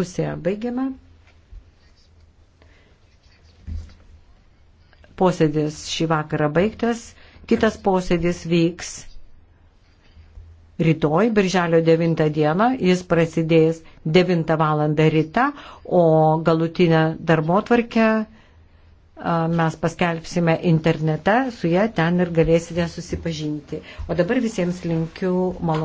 Diskusiją baigiame. Posėdis šį vakarą baigtas. Kitas posėdis vyks rytoj, birželio 9 dieną. Jis prasidės 9 val. ryte, o galutinę darbo tvarkę mes paskelbsime internete, su ją ten ir galėsite susipažinti. O dabar visiems linkiu malonu.